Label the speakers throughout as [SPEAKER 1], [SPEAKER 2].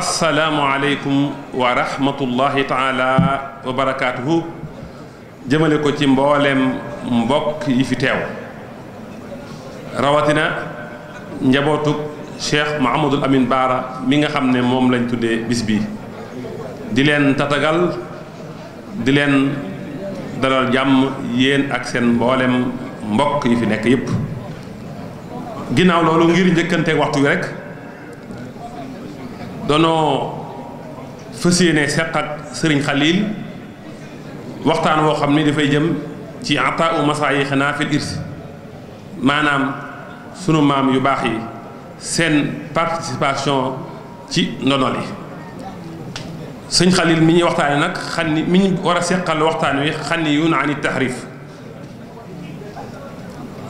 [SPEAKER 1] asalaamualeykum wa rahmatullahi taala wa barakaatuhu jëmale ko ci mboolem mbokk yi fi teew rawatina njabootuk cheikh Mouhamadul Amin Baara mi nga xam ne moom lañ tuddee bis bi di leen tatagal di leen dalal jàmm yéen ak seen mboolem mbokk yi fi nekk yépp ginnaaw loolu ngir njëkkanteeg waxtu wi rek danoo fas yéene seq sëriñ Xalil waxtaan woo xam ni dafay jëm ci ataa u xanaa fil irsi maanaam sunu maam yu baax yi seen participation ci ndono li sëñ Xalil mi ñuy waxtaane nag xan ni mi ñu war a seqal waxtaan wi xan ni yuun ani taxrif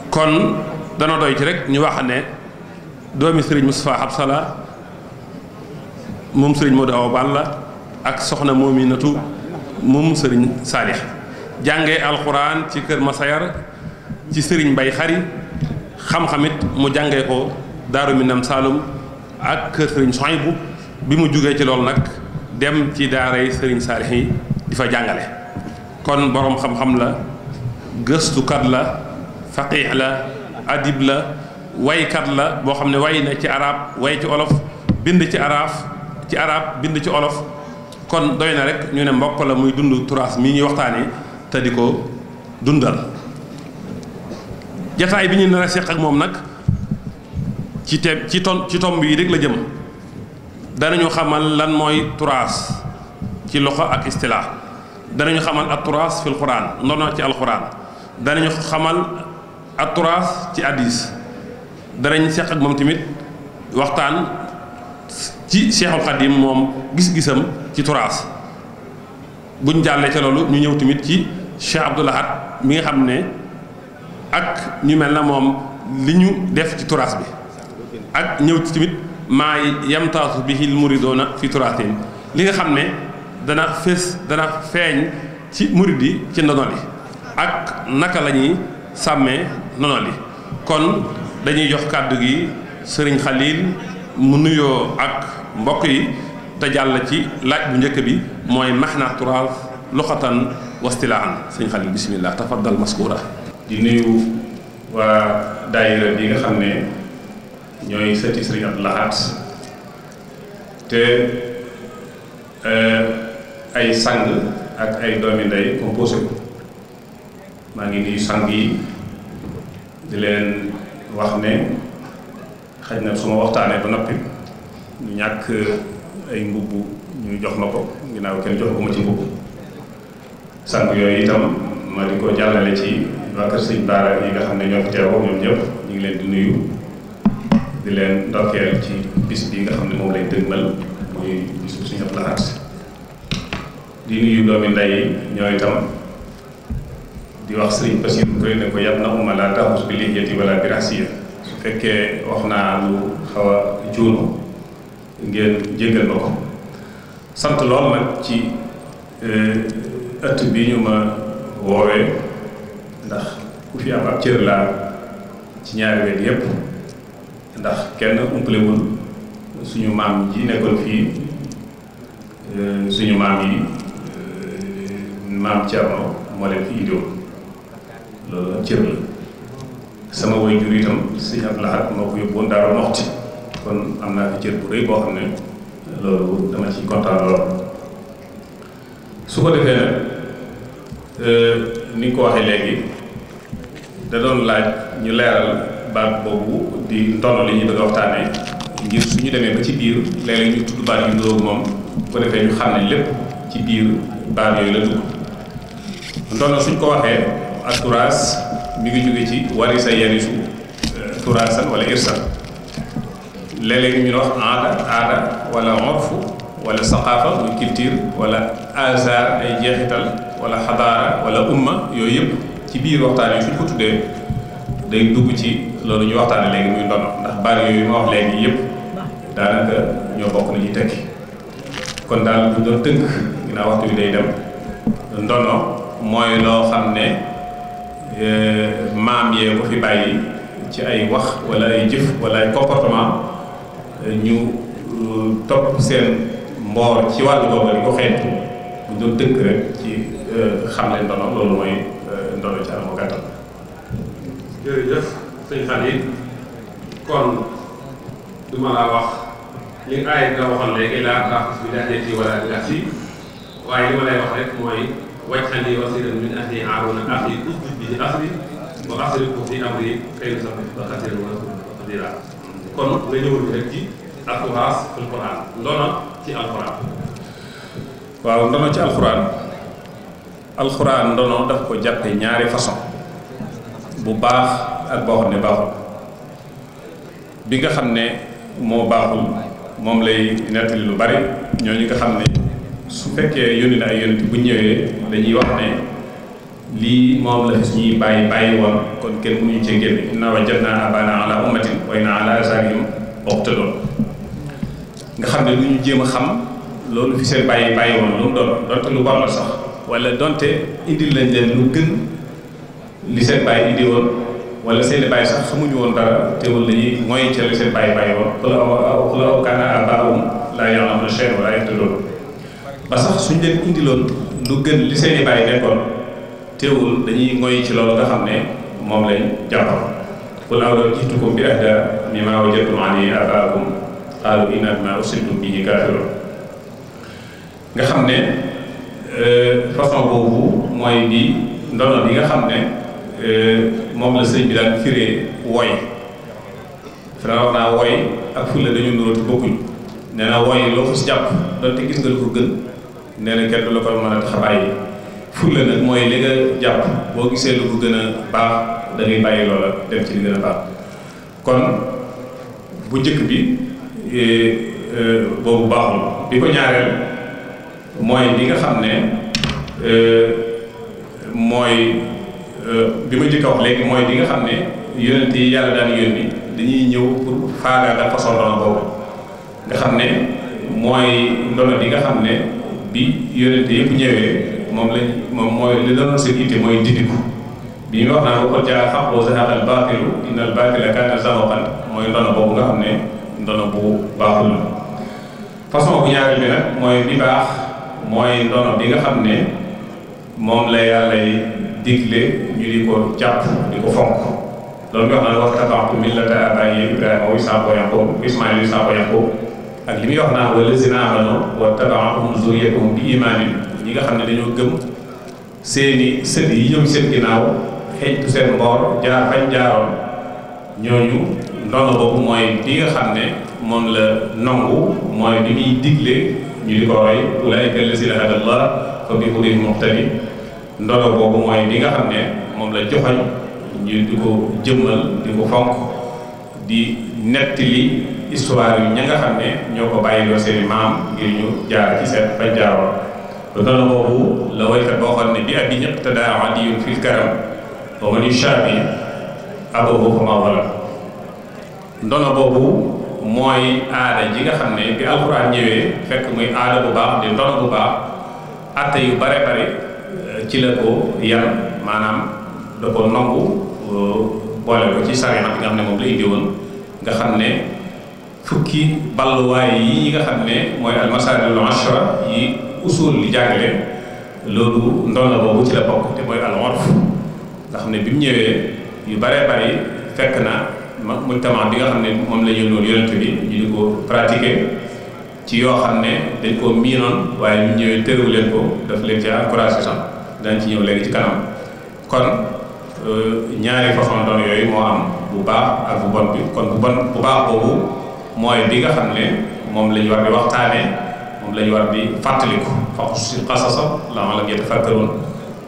[SPEAKER 1] kon dana doy ci rek ñu wax ne doomi sëriñ Moustapha Habsala moom sëriñ Modou Awa la ak soxna Mominatu moom sëriñ Saalix jànge alxuraan ci kër Masayar ci sëriñ bay Xari xam-xamit mu jànge ko Daaru Minam Saalum ak kër sëriñ bu bi mu jógee ci loolu nag dem ci daaray sëriñ Saalix yi di fa jàngale kon boroom xam-xam la gëstukat la faqiix la adib la waykat la boo xam ne way na ci araab way ci olof bind ci araaf ci arab bind ci olof kon doy na rek ñu ne mbokk la muy dund turaas mii ñuy waxtaanee te di ko dundal jataay bi ñu nar a seq ak moom nag ci te ci ton tomb yi rek la jëm ñu xamal lan mooy turaas ci loxo ak istilaax danañu xamal ak turaas fil quran ndono ci alquran danañu xamal at turaas ci hadis danañ seq ak moom tamit waxtaan ci Cheikhul Khadim moom gis-gisam ci turaas buñ jàllee ca loolu ñu ñëw tamit ci Cheikh Abdou Lahad mi nga xam ne ak ñu mel na moom li ñu def ci turaas bi ak ñëw ci tamit maa yamtaasu bihil muridoona fi turaasin li nga xam ne dana fés dana feeñ ci murid yi ci ndono li ak naka la ñuy sàmmee ndono li kon dañuy jox kàddu gi sëriñ Xalil mu nuyoo ak mbokk yi te jàll ci laaj bu njëkk bi mooy maxna turaal loxatan wastilaan sëñ Xalil bisimilah tafaddal maskura di nuyu waa daayira bi nga xam ne ñooy sëti Sëriñ Abdou Lahad te euh, ay sang ak ay doomi ndey composé ko maa ngi nuyu sang yi di leen wax ne xëy na su waxtaanee ba noppi ñu ñàkk euh, ay mbubb ñu jox ma ko ginnaaw kenn jox ko ma ci mbubb sang yooyu itam ma di ko jàllale ci waa kër sëñ Baara yi nga xam ne ñoo fi ñoom ñëpp ñu ngi leen di nuyu di leen ndokkeel ci bis bi nga xam ne moom lañ dëgmal muy bisu suñu ab laxaat di nuyu doomi ndey ñoo itam di wax sëriñ Basiru Kure ne ko yab na uma laa taxus bi liggéeyati wala bi rasiya fekkee wax naa lu xaw a juunu ngeen jéggal ma ko sant lool nag ci eh, ëtt bi ñu ma woowee ndax ku fi am ab cër laa ci ñaari wet yépp ndax kenn umpalewul suñu maam ji nekkoon fii eh, suñu maam yi eh, maam Thierno moo leen fi indiwoon loolu cër la sama way jur itam sëñ Abdou Lahad ko su defee nag ko waxee léegi da doon ñu leeral baat di ndono su ñu demee ba ci biir léeg-léeg ñu tudd baat yu ndóob moom bu ko defee ñu xam lépp ci biir baat yooyu la dugg ndono suñ ko waxee ak turaas mi ngi jóge ci warisa yarisu turaasan euh, wala irsan léeg-léeg wax aada aada wala orfu wala saqaafa muy culture wala azar ay jeexital wala xadaara wala umma yooyu yëpp ci biir waxtaan yi suñ ko tuddee day dugg ci loolu ñu waxtaane léegi muy ndono ndax bari yooyu ma wax léegi yëpp daanaka ñoo bokk na ci kon daal bu doon tënk ginnaaw waxtu bi day dem ndono mooy loo xam ne Euh, maam yee ko fi bàyyi ci ay wax wala ay jëf wala ay comportement euh, ñu euh, topp seen mboor ci wàllu boobu di ko bu doon dëkk rek ci xam leen ndono loolu mooy ndono ci anamu gàttal. jërëjëf sëñ Xalil kon du laa wax li aay nga waxoon léegi laa tax bi waaye li ma lay wax rek mooy. واجعل ci alxuraas alxuraan ndono waaw ndono ci alxuraan alxuraan ndono daf ko jàppe ñaari façon bu baax ak boo xam ne baaxul bi nga xam ne moo baaxul moom lay nettali lu bari ñooñu nga xam ne su fekkee yónni na ay yónni bu ñëwee lañuy wax ne lii moom la fi ñuy bàyyi bàyyi woon kon kenn mënuñu cee génne inna wajadnaa abaana ala ummatin wa inna ala asaarihim muqtadoon nga xam ne lu ñu jéem a xam loolu fi seen bàyyi bàyyi woon lu doon donte lu war la sax wala donte indil lañ leen lu gën li seen bàyyi indi woon wala seen bàyyi sax xamuñu woon dara teewul lañuy mooy ca seen bàyyi bàyyi woon qul aw kaana aabaa'ukum laa ya'lamuuna shay'an wa ba sax suñ leen indiloon lu gën li seeni bàyyi nekkoon teewul dañuy ngoy ci loolu nga xam ne moom lañ jàppal qul bi ahda mimma wajadtum euh, euh, la sëñ bi woy ak fulla dañu nuróoti bokkuñ nee na woy loo ko si jàpp donte gis nga lu ko gën nee na kenn du la ko mën a tax a fulla nag mooy li nga jàpp boo gisee lu ko gën a baax da ngay bàyyi loola dem ci li gën a baax kon bu njëkk bi e, e, boobu baaxul bi ko ñaareel mooy bi nga xam ne e, mooy bi ma njëkk bi nga xam ne yonent yi yàlla daan yónni dañuy ñëw pour nga xam ne nga xam ne bi yonente yëpp ñëwee moom lañ moom mooy li doon seen itte mooy dindi ko bi wax naan ba ko jaa boobu nga xam ne bu baaxul la façon bu baax mooy xam ne moom la digle ñu di ko jàpp di ko fonk loolu nga xam ne wax tabaxtu millata abaayi Ibrahima wa Isaaqa wa Yaqub Ismaayil Isaaqa wa Yaqub ak li muy wax naan wallazina amanu wa tabaahum zurriyatuhum bi imaanin ñi nga xam ne dañoo gëm seeni sët yi ñëw seen ginnaaw xeeñtu seen mboor jaar jaaroon ñooñu nga xam ne moom la nangu mooy ñu di ko ndono boobu mooy li nga xam ne moom la joxoñ ñu di ko jëmmal di ko fonk di nettali histoire yi ña nga xam ne ñoo ko bàyyiloo seeni maam ngir ñu jaar ci seen faj jaaroon lu doon boobu la woykat boo xam ne bi abi ndono boobu mooy aada ji nga xam bu baax di yu bare bare euh, ci la ko yar maanaam da ko nangu euh, boole ko ci sariya bi nga xam ne moom la indi woon nga xam ne fukki balluwaay yi nga xam ne mooy almasalil ashra yi usul li jàngale loolu ndon la boobu ci la bokk te mooy al nga xam ne bi mu ñëwee yu baree bari fekk na ma mujtama bi nga xam ne moom la yónnoon yonent bi ñu di ko pratiquer ci yoo xam ne dañ ko miinoon waaye ñu ñëwee tëru leen ko daf leen ci encouragé sax danañ ci ñëw léegi ci kanam kon euh, ñaari façon doon yooyu moo am bu baax ak bu bon bi kon bu bon bu baax boobu mooy bi nga xam ne moom la ñu war di waxtaanee moom la ñu war di fàttaliku faqsus qasasa la'allahum yatafakkarun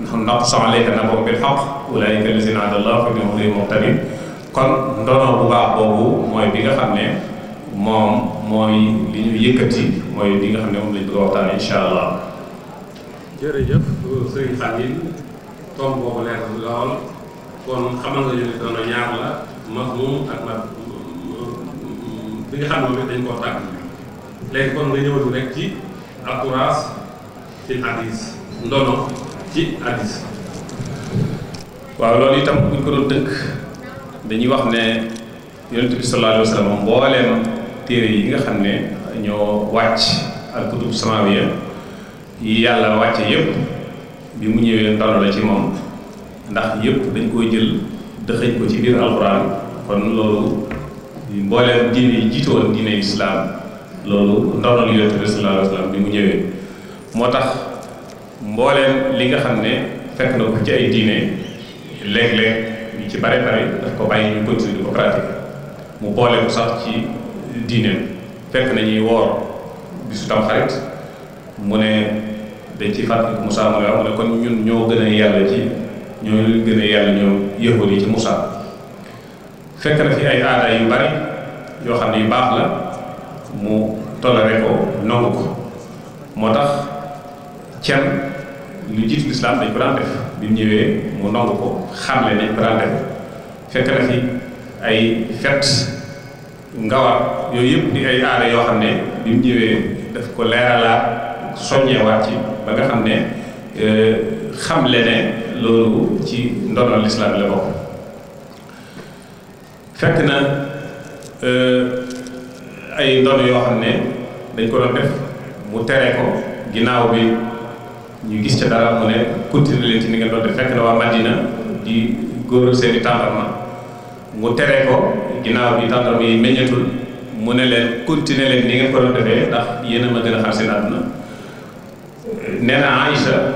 [SPEAKER 1] nahnu naqussu alayka naba'ahum bil haqq ulaa'ika allazina 'ahada Allahu fa bi'ahdihim muqtadin kon ndono bu baax boobu mooy bi nga xam ne moom mooy li ñu yëkkati mooy bi nga xam ne moom la ñu bëgg a waxtaanee incha allah. jërëjëf sëriñ Khalil tomb boobu leer lool kon xamal nga ñu ne doon ñaar la. mahmuum ak ma bi nga xam ne dañ koo nga ñëwal rek ci aturaas ci hadis ndono wax ne yonent bi sallallahu alayhi wa sallam mbooleem téere yi nga xam ne ñoo wàcc ak kutub samawiya yi yàlla wàcce yépp bi mu ñëwee ndono la ci moom ndax yépp dañ koy jël dëxëñ ko ci biir alxuraan kon loolu mbooleem diine yi jiite woon diine islaam loolu ndonal yonent bi sallallahu alayhi wa sallam bi mu ñëwee moo tax mbooleem li nga xam ne fekk na ko ci ay diine léeg-léeg ñu ci bare bare daf ko bàyyi ñu continuer di ko pratiquer mu boole ko sax ci diineem fekk nañuy woor bisu tamxarit mu ne dañ ci fàttali Musaa mu ne kon ñun ñoo gën a yàlla ci ñoo leen gën a yàlla ñoom yëhoot yi ci Moussa fekk na fi ay aada yu bari yoo xam ne yu baax la mu toléré ko nangu ko moo tax cen lu jiitu lislaam dañ ko daan def ñëwee mu nangu ko xamle nañ ko daan fekk na fi ay fet ngawar yooyu yëpp di ay aada yoo xam ne bi mu ñëwee daf ko leeralaat soññeewaat ci ba nga xam ne euh, xamle ne loolu ci ndonal lislaam la bokk fekk na euh, ay ndon yoo xam ne dañ ko doon def mu tere ko ginnaaw bi ñu gis ca dara mu ne continuer leen ci ni ngeen doon def fekk na waa Madina di góoral seeni tàndarma mu tere ko ginnaaw bi tàndarma yi meññatul mu ne leen continuer leen ni ngeen ko doon defee ndax yéen a ma gën a xam seen àdduna nee na Aïcha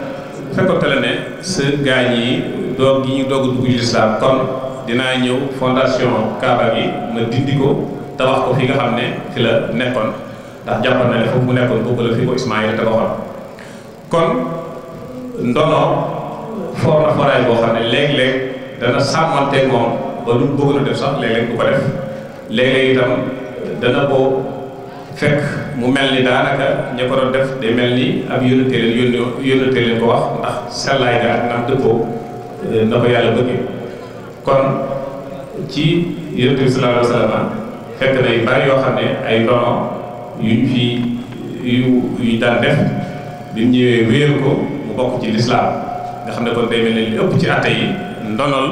[SPEAKER 1] fekkote la ne sa gaañ yi doog gi ñu doog a dugg lislaam kon dinaa ñëw fondation Kaaba bi ma dindi ko tabax ko fi nga xam ne fi la nekkoon ndax jàpp na ne foofu mu nekkoon bokk la fi ko Ismaayil te ko kon ndono for na foraay boo xam ne léeg-léeg dana sàmmante moom ba lu bëgg na def sax léeg-léeg du ko def léeg-léeg itam dana ko fekk mu mel ni daanaka ña def day mel ni ab yónnatee leen yónni yónnatee leen ko wax ndax sellaay ga ak ndax dëppoo eh, yàlla bëggee kon ci yonent bi sallallahu alayhi bari yoo xam ne ay ndono yuñ fi yu yuñ daan def bi mu ñëwee wéeru ko mu bokk ci lislaam nga xam ne kon day mel li ëpp ci atte yi ndonol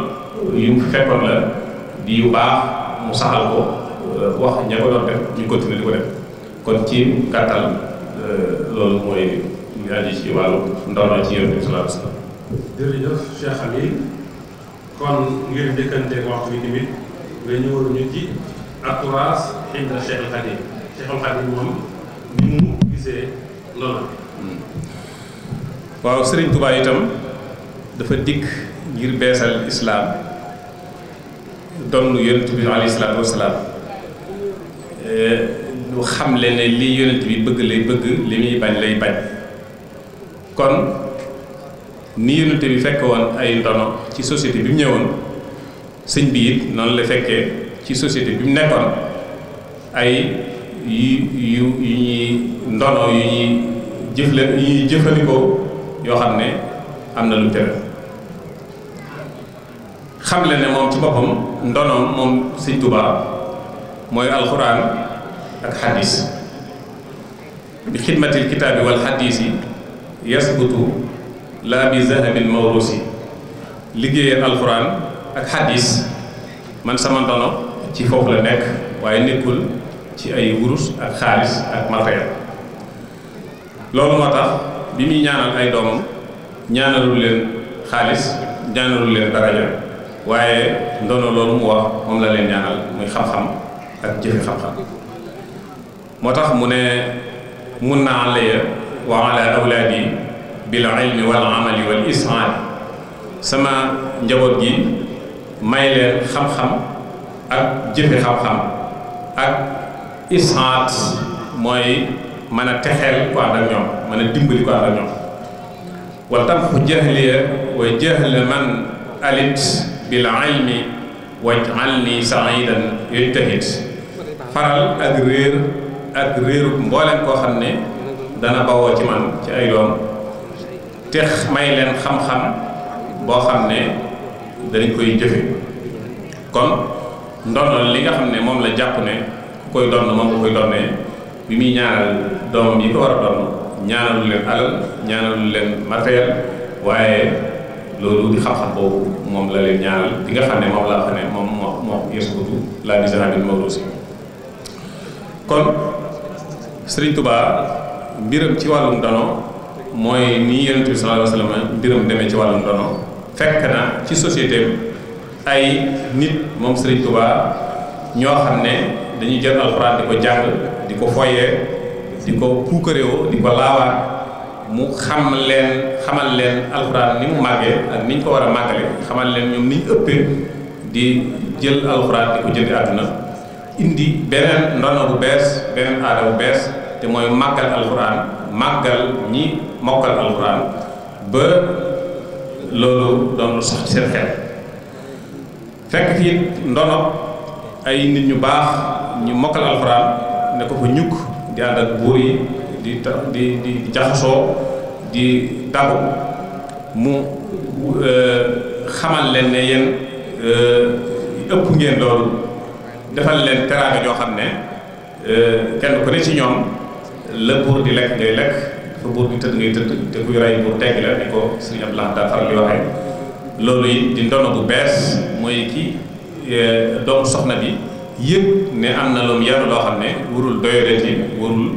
[SPEAKER 1] yu fekkoon la di yu baax mu saxal ko eh, wax ña ko doon def ñu continuer di ko def kon ci gàttal euh, loolu mooy ñu ci wàllu ndono ci yoon bi salaam salaam. jërëjëf Cheikh Aliou kon ngir njëkkanteeg waxtu bi tamit nga ñëwoon ñu ci entourage xëy na Cheikh moom ni mu gisee ndono. waaw Serigne Touba itam dafa dikk ngir beesal islaam donnu yonent bi alayhi salaatu wasalaam. lu euh, xamle ne li yonent bi bëgg lay bëgg li muy bañ lay bañ kon ni yonent bi fekk woon ay ndono ci société bi mu ñëwoon sëñ bi noonu la fekkee ci société bi mu nekkoon ay yu yu yu ñuy ndono yu ñuy jëfle yu ñuy jëfandikoo yoo xam ne am na lu tere xamle ne moom ci boppam ndonoom moom sëñ Tuubaa mooy alxuraan ak xadis bi xidmatil kitaabi wal xadis yi yasbutu laa bi zahamin mawrusi liggéeyee alxuraan ak xadis man sama ndono ci foofu la nekk waaye nekkul ci ay wurus ak xaalis ak matériel loolu moo tax bi muy ñaanal ay doomam ñaanalul leen xaalis ñaanalul leen daraja waaye ndono loolu mu wax moom la leen ñaanal muy xam-xam ak jëfe xam-xam moo tax mu ne mun na alaya wa ala awlaadi bil ilmi wal amali wal isaani sama njaboot gi may leen xam-xam ak jëfe xam-xam ak isaat mooy mën a texeel ko ànd ak ñoom mën a dimbali ko ànd ak ñoom wa tamxu jahliya wa jahla man alit bil ilmi waj'alni sa'idan yujtahid faral ak réer ak réerub mbooleem koo xam ne dana bawoo ci man ci ay doom te may leen xam-xam boo xam ne dañ koy jëfe kon ndondol li nga xam ne moom la jàpp ne ku koy donn moom ku koy donnee bi muy ñaanal doomam yi ko war a donn ñaanalu leen alal ñaanalu moom la laa xam ne moom moo moo yëskutu laa si kon sëriñ Touba mbiram ci wàllum dono mooy nii yonent bi sallallahu alayhi mbiram demee ci wàllum dono fekk na ci société ay nit moom sëriñ Touba ñoo xam ne dañuy jël alxuraan di ko jàng di ko foyee di ko puukaréewoo di ko laawaat mu xam leen xamal leen alxuraan ni mu màggee ak ni ñu ko war a màggale xamal leen ñoom ni ëppee di jël alxuraan di ko jënd àdduna indi beneen ndono bu bees beneen aada bu bees te mooy màggal alxuraan màggal ñi mokkal alxuraan ba loolu doon lu xel fekk fi ndono ay nit ñu baax ñu mokkal alxuraan ne ko fa ñukk di ànd ak yi di di di jaxasoo di dabu mu euh, xamal leen ne euh, ëpp ngeen loolu defal leen teraanga joo xam ne euh, kenn ku ne ci ñoom la buur di lekk ngay lekk fa buur di tëdd ngay tëdd te kuy rey buur tegg la ni ko sëriñ bees mooy ki euh, doomu soxna ne am na loom loo xam ne warul doyaleeti warul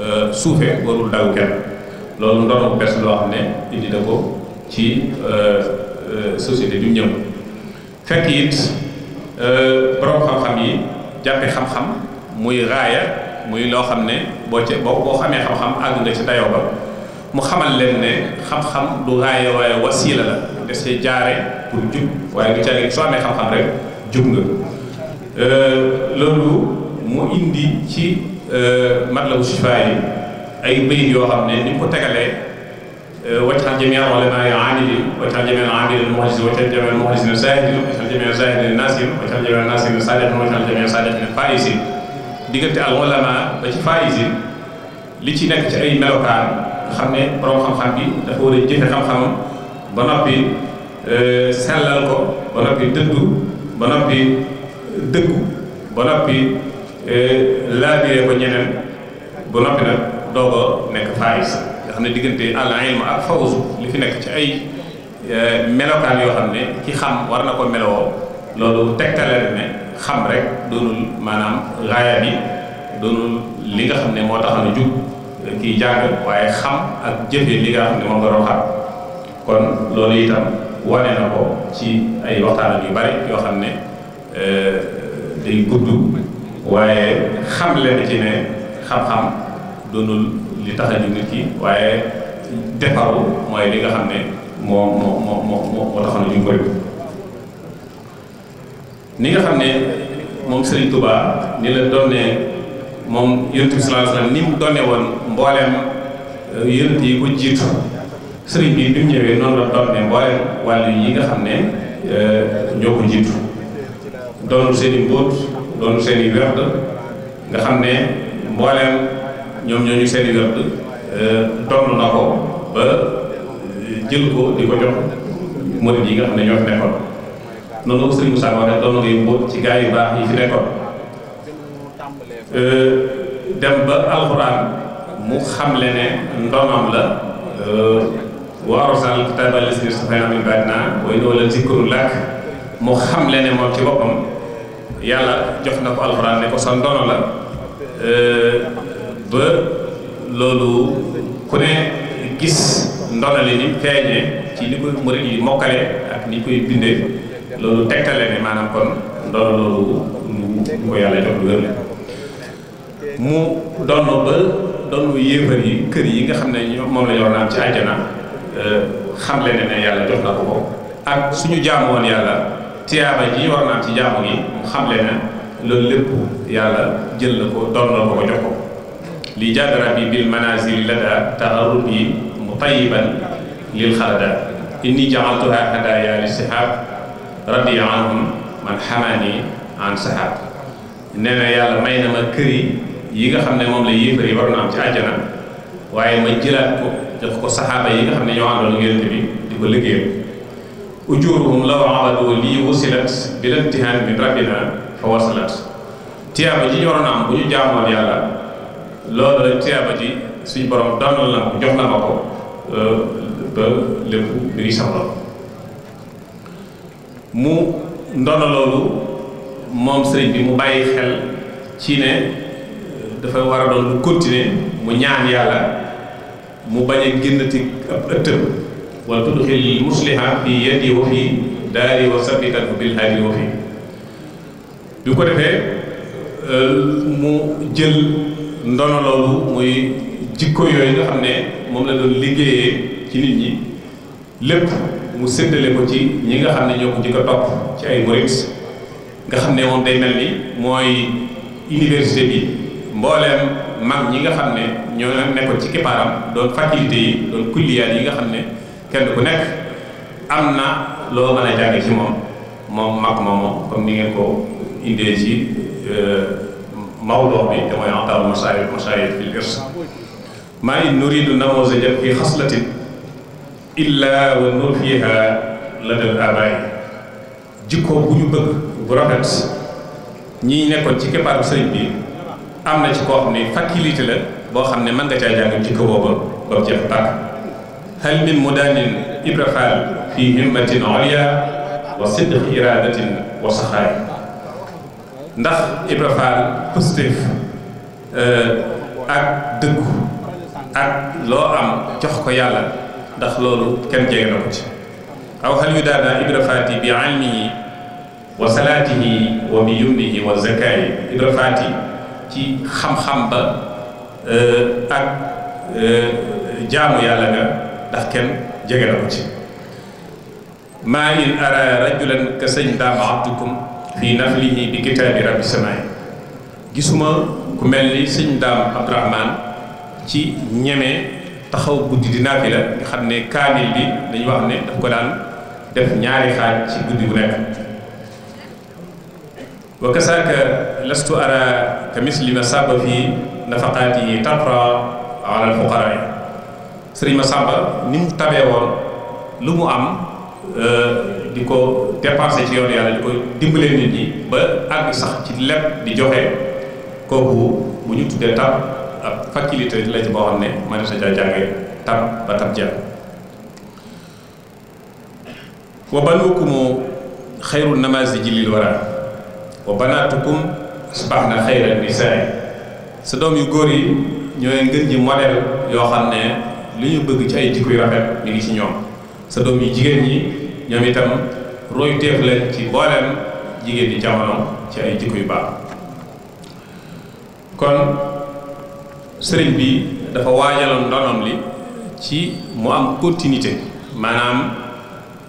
[SPEAKER 1] euh, suufee warul kenn loolu ndono bu bees loo xam ne indi na ko ci société bi mu fekk it Euh, borom xam-xam yi jàppe xam-xam muy raaya muy loo xam ne boo ca boo boo xamee xam-xam àgg nga ci dayoo ba mu xamal leen ne xam-xam du raaya waaye wasiila la nga see jaare pour jub waaye du caagin soo amee xam-xam rek jub nga euh, loolu mu indi ci euh, matlabu shifaa yi ay bayit yoo xam ne ni mu ko tegalee واجعل جميع علمائي عاملين واجعل جميع العاملين مخلصين واجعل جميع المخلصين زاهدين واجعل جميع الزاهدين ناصرين واجعل جميع الناصرين صالحين واجعل جميع الصالحين فائزين diggante al ulama ba ci faisin li ci nekk ci ay melokaan nga xam ne borom xam-xam bi dafa war a jëfe xam-xamam ba noppi eh, sellal ko ba noppi dëddu ba noppi dëggu ba noppi eh, laabiree ko ñeneen ba noppi nag doog a nekk fais xam ne diggante al ilm ak fawz li fi nekk ci ay eh, melokaan yoo xam ne ki xam war na ko melowoo loolu tegtale ne xam rek doonul maanaam raaya bi doonul li nga xam ne moo tax na jug eh, kii jàng waaye xam ak jëfe li nga xam ne moom nga doon kon loolu itam wane na ko ci ay waxtaanam yu bari yoo xam ne eh, day gudd waaye xam leen ci ne xam-xam doonul li tax a nit ki waaye defaru mooy li nga xam ne moo moo moo moo moo taxoon na ñu koy ni nga xam ne moom Serigne Touba ni la doon ne moom yonent ni mu woon mbooleem euh, yonent yi ko jiitu Serigne bi bi mu noonu la doon ne mbooleem wàll yi nga xam ne euh, ñoo ko jiitu doonul seen mbóot doonul seen werd nga xam ne mbooleem. ñoom ñooñu seen i werd euh, donn na ko ba euh, jël ko di ko jox murid yi nga xam ne ñoo nekkoon noonu la ko Serigne Moussa waxee doon ngay mbóot ci gaa yu baax yi fi nekkoon euh, dem ba alxuraan mu xamle ne ndonoom la wa arsal kitaaba lazina stafayna min baadinaa mu xamle ne moom ci boppam yàlla jox na ko alxuraan ne ko sa ndono la ba loolu ku ne gis ndonale ni feeñee ci li koy murit yi mokkale ak ni koy bindee loolu tegtale ne maanaam kon ndono loolu ñu ko yàlla jox lu wér mu donn ba donn yéefar yi kër yi nga xam ne ñoom moom la ñu war a ci àjjana euh, xam le ne ne yàlla jox na ko ko ak suñu jaamu woon yàlla tiyaaba ji war naa ci jaamu gi mu xam le loolu lépp yàlla jël na ko doon na ko jox ko li jadarabi bil manazil lada taharudi mutayiban lil xarada inni jaaltuha hadaya li sihab radiya anhum man xamaani an sahab nee na yàlla may na ma kër yi yi nga xam ne moom la yéefar yi war na am ci àjjana waaye ma jëlaat ko jox ko saxaaba yi nga xam ne ñoo àndoon ngénte bi di ko liggéeyal ujuruhum law abadu lii wusilat bil imtihaan min rabbina fa wasalat tiyaaba ji ñu waroon am bu ñu jaamoon yàlla loolu rek tiyaaba ji suñu borom doonal na jox na ma ko euh, ba lépp mi ngi sax loolu mu ndono loolu moom sëriñ bi mu bàyyi xel ci ne euh, war a doon lu continuer mu ñaan yàlla mu bañ a génnati ab ëttëm wala tudxil musliha fi yadi wa fi daari wa sabitan bil haadi wa fi bi ko defee euh, mu jël ndono loolu muy jikko yooyu nga xam ne moom la doon liggéeyee ci nit ñi lépp mu séddale ko ci ñi nga xam ne ñoo ko jëkk topp ci ay murit nga xam ne moom day mel ni mooy université bi mbooleem mag ñi nga xam ne ñoo nekkoon ci kippaaram doon faculté yi doon kulliyaat yi nga xam ne kenn ku nekk am na loo mën a jànge ci moom moom mag moomu comme ni ngeen ko indee ci euh, mawduu bi te mooy ataaru masaayil masaayil fil irs maa in nuriidu namozajan fi xaslatin illaa wa nulfiiha ladal abaay jikko ñu bëgg bu rafet ñi nekkoon ci keppaaru sëriñ bi am na ci koo xam ne faculté la boo xam ne man nga caa jàng jikko booba ba mu jeex tàkk hal min mudaanin ibrafal fi himmatin ulya wa sidq iradatin wa saxaay ndax Ibra Fall positif euh, ak dëggu ak loo am jox ko yàlla ndax loolu kenn jege na ko ci aw hal yu daana Ibra Faati bi almihi wa salaatihi wa bi yumnihi wa zakaayi Ibra Faati ci xam-xam ba euh, ak euh, jaamu yàlla nga ndax kenn jege na ko ci maa in rajulan ka sëñ daama abdukum fii naflihi bi kitaabi rabbi samaay gisuma ku mel ni sëñ daam abdourahman ci ñeme taxaw guddi di naafila nga xam ne kaamil bi dañu wax ne daf ko daan def ñaari xaaj ci guddi bu nekk wa kasaaka lastu ara ka mislima sàmba fii nafaqaati yi tatra ala alfuqara ma sàmba ni mu lu mu am euh, di ko dépenser ci yoon yàlla di ko dimbalee nit ñi ba àgg sax ci lépp di joxe kooku bu ñu tuddee tab ab facilité la ci boo xam ne mën na sa caa jànge tab ba tab jeex wa banukumu xayru namaasiji lil wara wa banaatukum asbahna xayra nisaa sa doom yu góor yi ñooy ngën ji modèle yoo xam ne li ñu bëgg ci ay jikko yu rafet ñu ngi ci ñoom sa doom yu jigéen ñi ñoom itam royu teef lañ ci mbooleem jigéen ñi jamono ci ay jikko yu baax kon sëriñ bi dafa waajaloon ndonoom li ci mu am continuité maanaam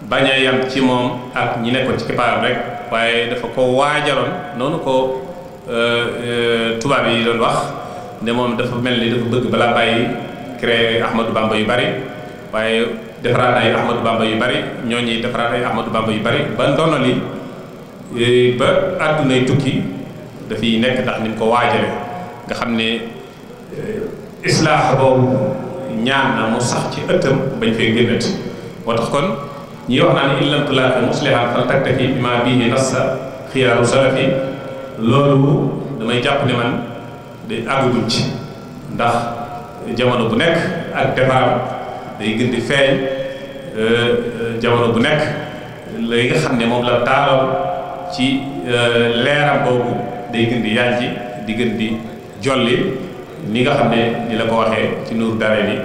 [SPEAKER 1] bañ a yam ci moom ak ñi nekkoon ci keppaaram rek waaye dafa ko waajaloon noonu ko euh, euh, tubaab yi doon wax ne moom dafa mel ni dafa bëgg balaa bàyyi créer Ahmadou Bamba yu bari waaye defaraat ay Ahmadou yu bari ñoo ñuy defaraat ay Ahmadou yu bari ba ndono li e, ba àddunay tukki dafiy nekk ndax ni ko waajale nga xam ne e, islaax boobu ñaan na mu sax ci ëttam bañ fee génnati moo tax kon ñi wax naa ne illam tulaaqi muslihan fal taktafi bima bihi nassa xiyaaru salafi loolu damay jàpp ne man de àgguñ ci ndax jamono bu nekk ak defar day gën di feeñ euh, euh, jamono bu nekk lay nga xam ne moom la taalal ci euh, leeram boobu day gën di yànji di gën di jolli ni nga xam ne ni la ko waxee ci nuur dare ni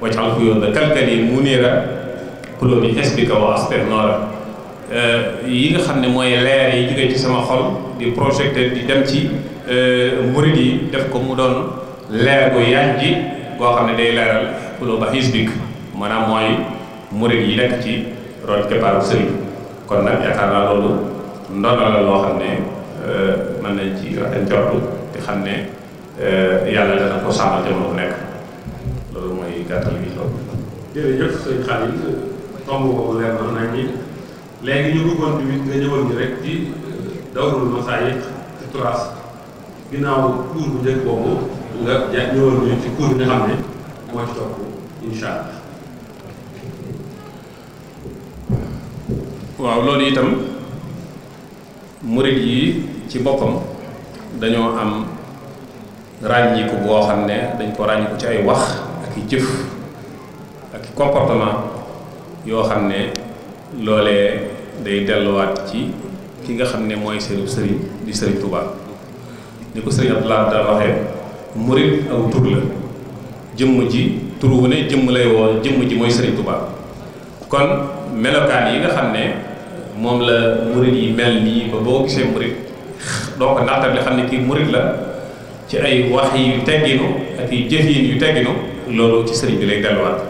[SPEAKER 1] waccaxal fu yoon da kalkal yi mu niira xulóom yi xes bi ka wa noora yi nga xam ne mooy leer yi jógee ci sama xol di projecteur di dem ci murid yi def ko mu doon leer gu yànji koo xam ne day leeral xulóo ba xis bik maanaam mooy murit yi nekk ci roon keppaaru sëriñ kon nag yaakaar naa loolu ndono la loo xam ne euh, mën nañ ci rafet njort te xam ne euh, yàlla ko sàmmal jamono ñi léegi ñu bëggoon tamit nga ñëwal ñi rek ci euh, dawrul masaayix ci turaas ginnaaw cours bu njëkk boobu nga ñëwal ñu ci cours bi nga xam ne moo ci topp incha allah waaw loolu itam murit yi ci boppam dañoo am ràññiku boo xam ne dañ ko ràññiku ci ay wax ak i jëf ak i comportement yoo xam ne loolee day delluwaat ci ki nga xam ne mooy seenu sëriñ di sëriñ Touba ni ko sëriñ Abdoulaye daan waxee murit aw tur la jëmm ji tur wu ne jëmm lay woo jëmm ji mooy sëriñ Touba kon melokaan yi nga xam ne moom la murit yi mel nii ba boo gisee murit doo ko naatal li xam ne kii murit la ci ay wax yu tegginu ak i jëfin yu tegginu loolu ci sëriñ bi lay delluwaat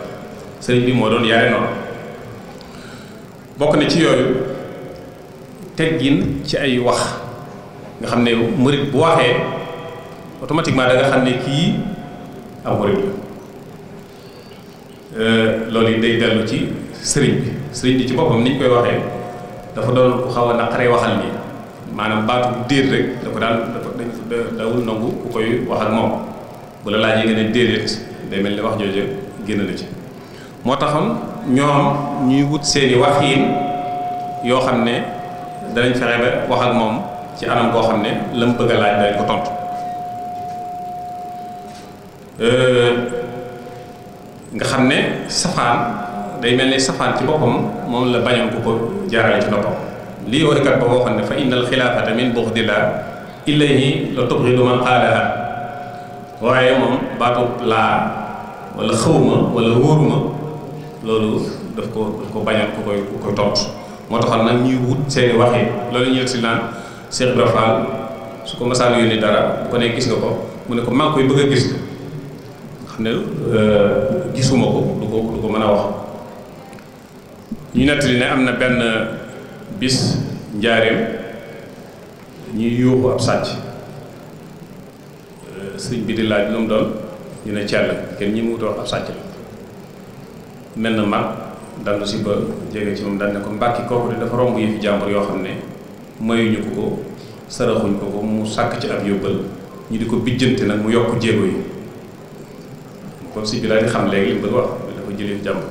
[SPEAKER 1] bi moo doon yaare noonu bokk na ci yooyu teggin ci ay wax nga xam ne murit bu waxee automatiquement da xam ne kii am murit la euh, loolu yi day dellu ci sëriñ bi sëriñ bi ci boppam ni ñu koy waxee dafa doon ku xaw a naqaree waxal nii maanaam baatu déet rek da ko daan dafa dawul nangu ku koy wax ak moom bu la laajee nga ne déedéet day ni wax jooju génn na ci moo taxoon ñoom ñuy wut seeni waxiin yoo xam ne danañ fexe ba wax moom ci anam koo xam ne la mu bëgg a laaj dañ ko tontu euh, nga xam ne safaan day mel ni safaan ci boppam moom la bañoon ku ko jaarale ci noppam lii waykat ba waxoon ne fa innal la tubridu man qaalaha waaye moom baatu laa wala xawma wala wóoruma loolu daf ko daf ko bañoon ku koy ku koy tontu su ko masaan gis nga ko mu ne ko maa ngi koy bëgg a gis nga xam ne euh, gisuma ko du ko du ko mën a wax ñu nettali ne am na benn bis njaareem ñuy yuuxu ab sàcc euh, sëñ bi di laaj lu mu doon ñu ne cell kenn ñi mu wut wax ab sàcc la mel na mag dandu si ba jege ci moom daan ne ko mbàkki kooku de dafa romb yëfi jàmbur yoo xam ne mayuñu ko ko saraxuñ ko ko mu sàkk ci ab yóbbal ñu di ko bijjante nag mu yokk jéego yi kon sëñ bi daal xam léegi li mu bëgg wax dafa jëlee fi jàmbur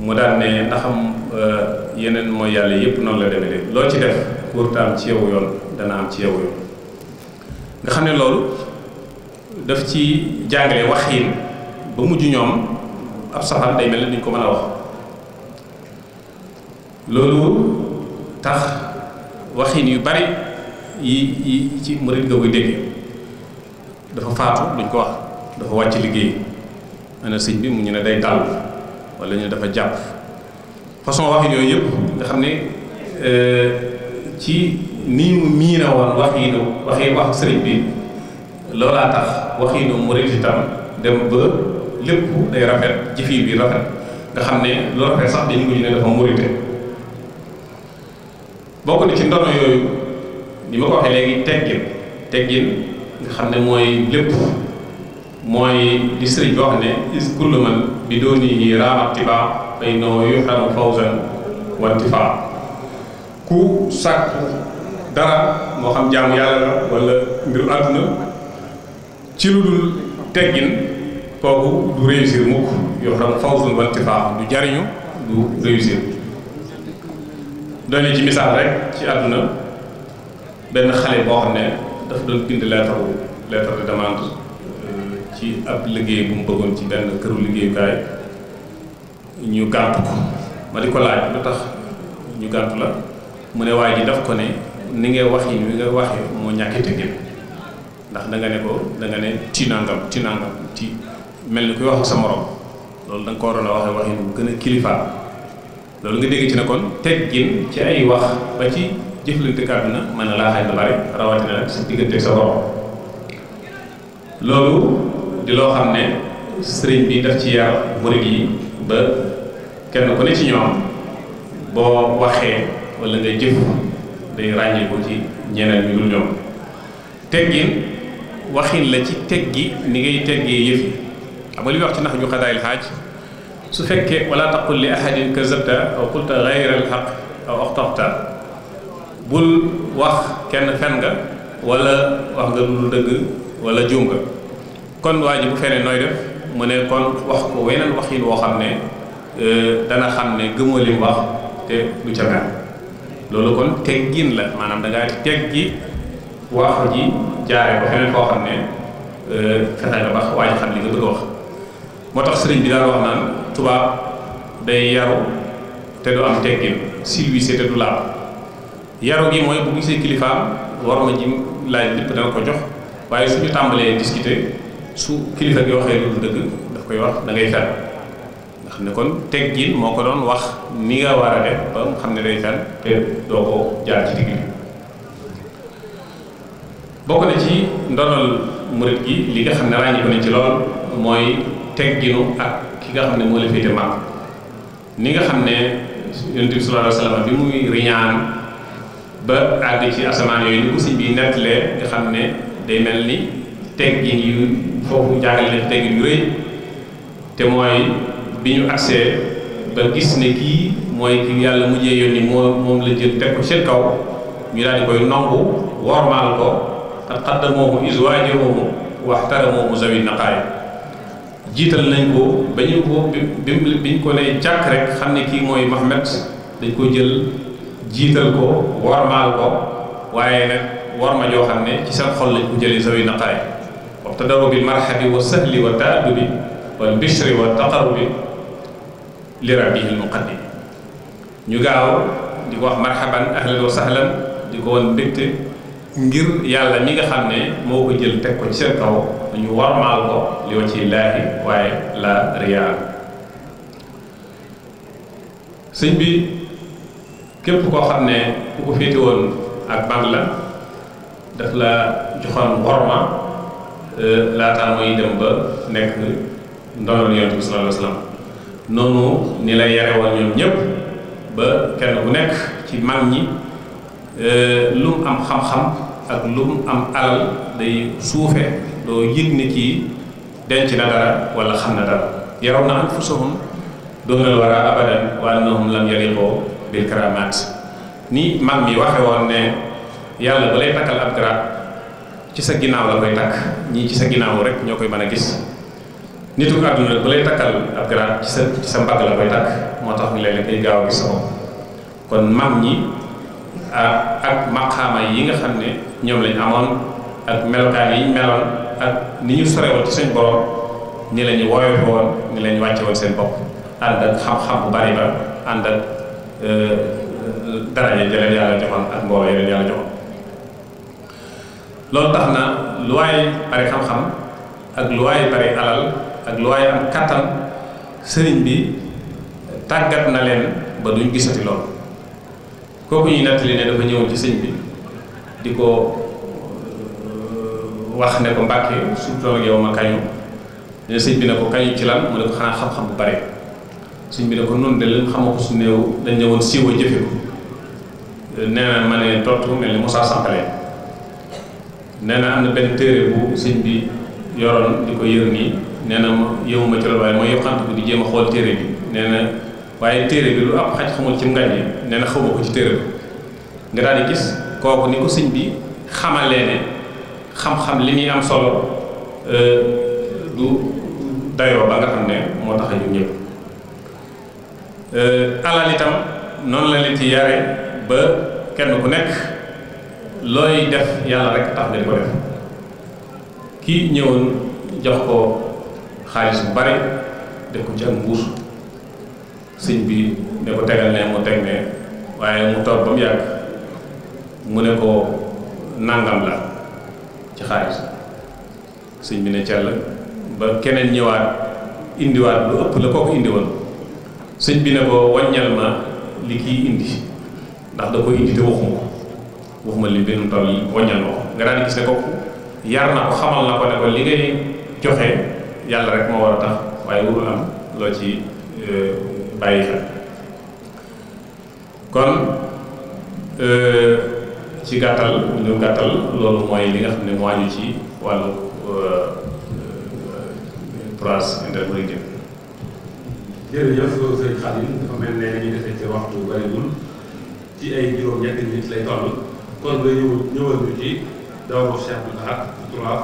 [SPEAKER 1] mu daan ne ndaxam euh, yeneen mooy yàlla yépp noonu la demee de loo ci def pourtant ci yow yoon dana am ne loolu daf ci jàngale waxiin ba mujj ñoom ab safaan day mel ne duñ ko mën a wax loolu tax waxiin yu bari yi yi ci murid nga koy dégg dafa faatu duñ ko wax dafa wàcc liggéey ana sëñ bi mu ñu ne day dàll walla ñu dafa jàpp façon wax yooyu yëpp nga xam ne euh, ci ni mu miina woon wax yi nu wax sëriñ bi loolaa tax wax yi nu dem ba lépp day rafet jëfi bi rafet nga xam ne lu rafet sax dañu ko ne dafa murite bokk na ci ndono yooyu ni ma ko waxee léegi teggin teggin nga xam ne mooy lépp mooy di sëriñ wax ne is kullu بدونه راء اتباع فإنه يحرم فوزا وانتفاع ku sàkk dara moo xam jaamu yàlla la wala mbiru àdduna ci lu dul teggin kooku du réussir mukk yuhram fawzun wantifaa du jariñu du réussir doy ci misaal rek ci àdduna benn xale boo xam ne dafa doon bind lettre lettre de demande euh, ci ab liggéey bu mu bëggoon ci benn këru liggéeyukaay ñu gàpp ko ma di ko laaj lu tax ñu gàpp la mu ne waaye di daf ko ne ni ngay wax yi ni nga moo ñàkkite gën ndax da ne ko da ne ci nangam ci nangam ci mel ni kuy wax sa morom loolu da nga ko waroon a waxee waxin bu gën a kilifaa loolu nga dégg ci ne kon teggin ci ay wax ba ci jëflante kàddu na mën na laa xay lu rawatina nag sa diggante sa borom loolu di loo xam ne sëriñ bi daf ci yar murid yi ba kenn ku ne ci ñoom boo waxee wala ngay jëf day ràññee ci ñeneen ñu dul ñoom teggin waxin la ci teggi ni ngay teggee yëf yi xam nga li wax ci nax ju xadaayil xaaj su fekkee wala taqul li ahadin kazabta aw qulta gayra xaq aw axtaxta bul wax kenn fen nga wala wax nga dul dëgg wala juum nga kon waa ji bu fenee nooy def mu ne kon wax ko weneen waxin woo xam ne euh, dana xam ne gëmoo li mu wax te du ca mer loolu kon teggin la maanaam da teggi wax ji jaare ko feneen koo xam ne euh, fexe nga bax waa xam li nga bëgg wax moo tax sëriñ bi daal wax naan tubaab day yaru te du am teggin civilisé te du laab yaru gi mooy bu gisee kilifaam war ma ji laaj lépp dana ko jox waaye suñu tàmbalee discuter su kilifa gi waxee lu dul dëgg daf koy wax da ngay fen nga xam ne kon teggin moo ko doon wax ni nga war a def ba mu xam ne day fen te doo ko jaar ci digg bi bokk na ci ndonal murit gi li nga xam ne ràññi ko nañ ci lool mooy tegginu ak ki nga xam ne moo la féete mag ni nga xam ne yonent bi sallallahu alayhi bi muy riñaan ba àgg ci asamaan yooyu ni ko sëñ bi nettalee nga xam ne day mel ni teggin yu foofu mu jàngale leen teggin yu rëy te mooy bi ñu agsee ba gis ne kii mooy ki yàlla mujjee yónni moo moom la jël teg ko seen kaw ñu daal di koy nangu wormaal ko xat xaddamoohu iswaajoohu waxtaramoohu zawi naqaay jiital nañ ko ba ñu ko bi bi ñu ko nee jàkk rek xam ne kii mooy Mouhamed dañ ko jël jiital ko wormaal ko waaye nag worma joo xam ne ci seen xol lañ ko jëlee zawi naqaay te daw bil marhabi wa sahli wa taadubi wal bishri wa taqarrubi li rabihi lmuqaddim ñu gaaw di ko wax marhaban ahlan wa sahlan di ko woon mbégte ngir yàlla mi nga xam ne moo ko jël teg ko ci seen kaw ñu warmaal ko li wa ci waaye la riyaa sëñ bi képp koo xam ne ku ko féete woon ak bag la daf la joxoon warma Euh, laataa muy dem ba nekk ndonal yonent bi sallallahu alayhi noonu ni la yare woon ñoom ñëpp ba kenn ku nekk ci mag ñi euh, lu mu am xam-xam ak lu mu am alal day suufe doo yëg ni kii denc na dara wala xam na dara yaraw na anfusahum doonal wara abadan wa annahum lam yaliqoo bil karamaat ni mag mi waxe ne yàlla ba lay takkal ab garab ci sa ginnaaw la koy takk ñii ci sa ginnaaw rek ñoo koy mën a gis nitu ko àdduna bu lay takkal ab garaat ci sa mbagg la koy takk moo tax léeg-léeg day gaaw a ñi ak maqaama yi nga xam ne ñoom lañ amoon ak melokaan yi meloon ak ni ñu sorewoon ci suñ borom ni lañu woyof woon ni lañu wàcce woon seen bopp ànd ak xam-xam bari ba ànd ak euh, daraja jëleen yàlla joxoon ak mbooloo yëleen yàlla joxoon loolu tax na lu waay bari xam-xam ak lu waay bari alal ak lu waay am kattan sëriñ bi tàggat na leen ba duñ gisati loolu kooku ñuy nettali ne dafa ñëwoon ci sëñ bi di ko euh, wax ne ko mbàkke surtout ak yow ma kañu xam-xam bu bari sëñ bi ne ko noonu de leen xamoo ko su néew dañ ne woon siiwa jëfe ko nee na ma ne tontu mel ni Moussa Sampale nee na am na benn téere bu sëñ bi yoroon di ko yër nii nee na yëwuma ci loolu waaye mooy yokkante ko di jéem xool téere bi nee waaye téere bi lu ab xaj xamul ci ngañ yi nee na xawma ko ci téere bi nga daal di gis kooku ni ko sëñ bi xamalee ne xam-xam li muy am solo euh, du dayoo ba nga xam ne moo tax a ñu euh, alal itam noonu la leen ci yare ba kenn ku nekk looy def yàlla rek tax nga ko def kii ñëwoon jox ko xaalis bu bari def ko ci am mbuus sëñ bi ne ko tegal ne mu teg ne waaye mu toog ba mu yàgg mu ne ko nangam la ci xaalis sëñ bi ne cell ba keneen ñëwaat indiwaat lu ëpp la kooku indi woon sëñ bi ne ko wàññal ma li kii indi ndax da ko indi te waxuma ko waxuma li benn tool yi wàññal ko nga daan gis ne yar na ko xamal na ko ne ko li ngay joxe yàlla rek moo war a tax waaye warul am loo ci euh, bàyyi xel kon euh, ci gàttal ñu gàttal loolu mooy li nga xam ne moo aju ci wàllu euh, place intermédiaire. jërëjëf sëñ Xadim dafa mel ne ñu defee ci waxtu bariwul ci ay juróom-ñetti lay toll. kon nga ñëw ñëwal ñu ci daawu trois